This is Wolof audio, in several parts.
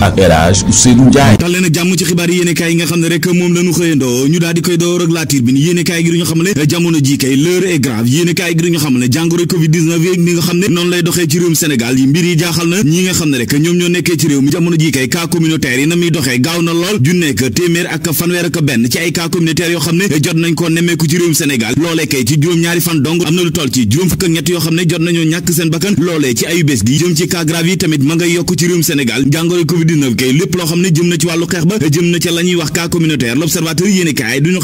ak El Hadj Ousseynou Ndiaye tal nga xam ne rek moom lañu xëyandoo ñu daal di koy door ak la Tribune yéenekaay gi duñu xam ne jamono ji kay l'heure est grave yéenekaay gi duñu xam ne jàngoro covid 19 yeeg ni nga xam ne noonu lay doxee ci réewum Sénégal yi mbir xam ne rek ñoom ñoo nekkee ci réew mi jamono ji kay cas communautaire yi na muy doxee gaaw na lool ju nekk téeméer ak fanweer ak benn ci ay cas communautaire yoo xam ne jot nañ ko nemmeeku ci réewum Sénégal loolee covid-19 kay lépp loo xam ne jëm na ci wàllu xeex ba jëm na ca la wax cas communautaire l'observateur yi doy gi duñu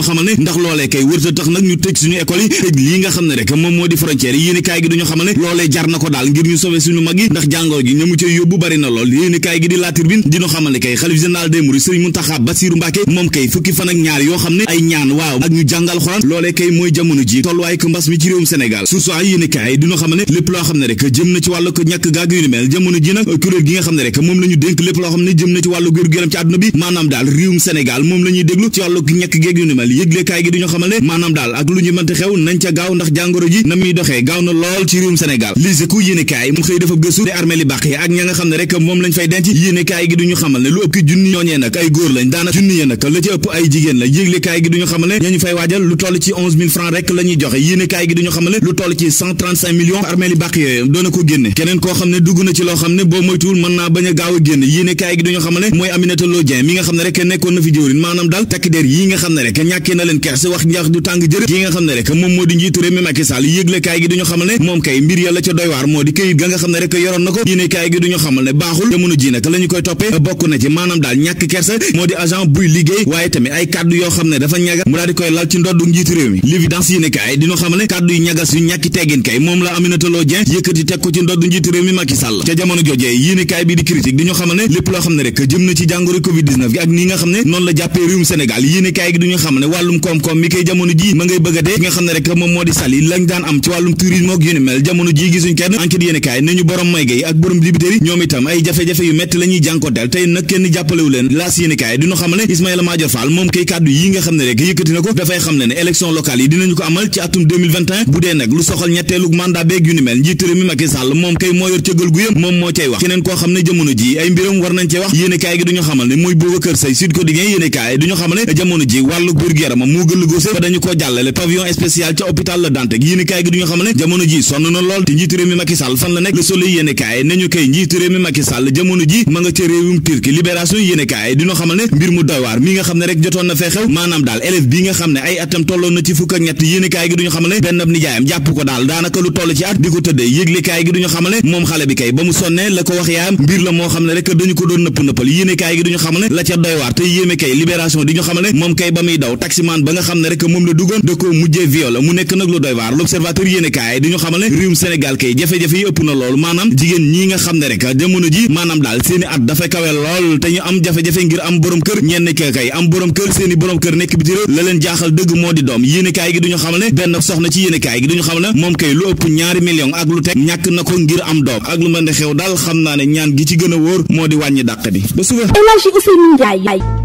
xamal ne ndax loolee kay wërta tax nag ñu tëj suñu école yi tëj lii nga xam ne rek moom moo di frontière yi yéene gi duñu xamal ne loolee jar na ko daal ngir ñu sauver suñu mag yi ndax jàngoro ji ñamu ca yóbbu bari na lool yéene kaay gi di La Tribune diñu xamal ne kay xalif général des mourides Serigne waaw ak ñu jàngal xoraan loolee kay mooy jamono ji tolluwaay ko mbas mi ci réewum Sénégal surtout ay gi duñu xamal ne maanaam daal ak lu ñu mënti xew nañ ca gaaw ndax jàngoro ji na muy doxee gaaw na lool ci réewum Sénégal liseku yéene moom xëy dafa gëstu ne armée li bàq yi ak ña nga xam ne rek moom lañ fay denc yéene gi duñu xamal ne lu ëpp junni ñooñee nag ay góor lañ daanaka junni yee la ci ëpp ay jigéen la yéeglekaay gi gi duñu xamal ne moom moo di njiitu réew mi Macky Sall yéeglekaay gi duñu xamal ne moom kay mbir ya ca doy moo di këyit ga nga xam ne rek yoroon na ko yéenekaay gi duñu xamal ne baaxul jamono ji nag lañu koy toppee bokk na ci ci maanaam daal ñàkk kersa moo di agent buy liggéey waaye tamit ay kàddu yoo xam ne dafa ñaga mu daal di koy lal ci ndoddu njiitu réew mi l'évidence yéene kaay dina xam ne kàddu yu ñagas yu ñàkki teggin kay moom la Aminata Lô Dieng yëkkati teg ko ci kaay bi di critique di ñu xam ne jëm na ci jàngoro covid 19 gi ak xam ne noonu la jàppee réewum Sénégal yéene kaay gi du ñu xam ne wàllum koom-koom mi koy jamono ji ma ngay bëgg a dee xam ne rek moom moo di sali lañ daan am ci wàllum tourisme ak yu ni mel jamono ji gisuñ kenn enquête yéene kaay nañu borom may gay ak borom dibiteri ñoom itam ay jafe-jafe yu metti la ñuy jànkoteel ngeen ni jàppalewu leen laas yéen i kaay diñu xamal ne moom kay kàddu yi nga xam ne rek yëkkati na ko dafay xam ne ne élection locale yi dinañu ko amal ci atum bu dee nag lu soxal ñetteelu mandat beeg yu ni mel njiit réew mi moom kay moo yor cëggal gu yëm moom moo cay wax keneen koo xam ne jamono ji ay mbiram war nañ cee wax yéen gi duñu xamal ne mooy Boubacar Seye Sud Quotidien yéen i kaay duñu xamal jamono ji sonn na lool te libération yéenekaay dina xamal ne mbir mu doy ay atam ko daal daanaka lu toll ci at di ko tëddee yëglekaay gi duñu xamal ne moom xale bi kay ba mu sonnee la ko wax yaayam mbir la moo ñu xamal ne moom nga xam ne rek mu nekk kay jafe-jafe yi ëpp na loolu maanaam jigéen ñi nga xam ne rek jamono ji maanaam daal seeni at dafa kawe lool jaaxal te ñu am jafe-jafe ngir am borom kër ñenn kay am borom kër seeni borom kër nekk biti réew la leen jaaxal dëgg moo di doom yéenekaay gi duñu xam ne benn soxna ci yéenekaay gi duñu xam ne moom kay lu ëpp ñaari million ak lu teg ñàkk na ko ngir am doom ak lu mën a xew daal xam naa ne ñaan gi ci gën a wóor moo di wàññi dàq bi ba suba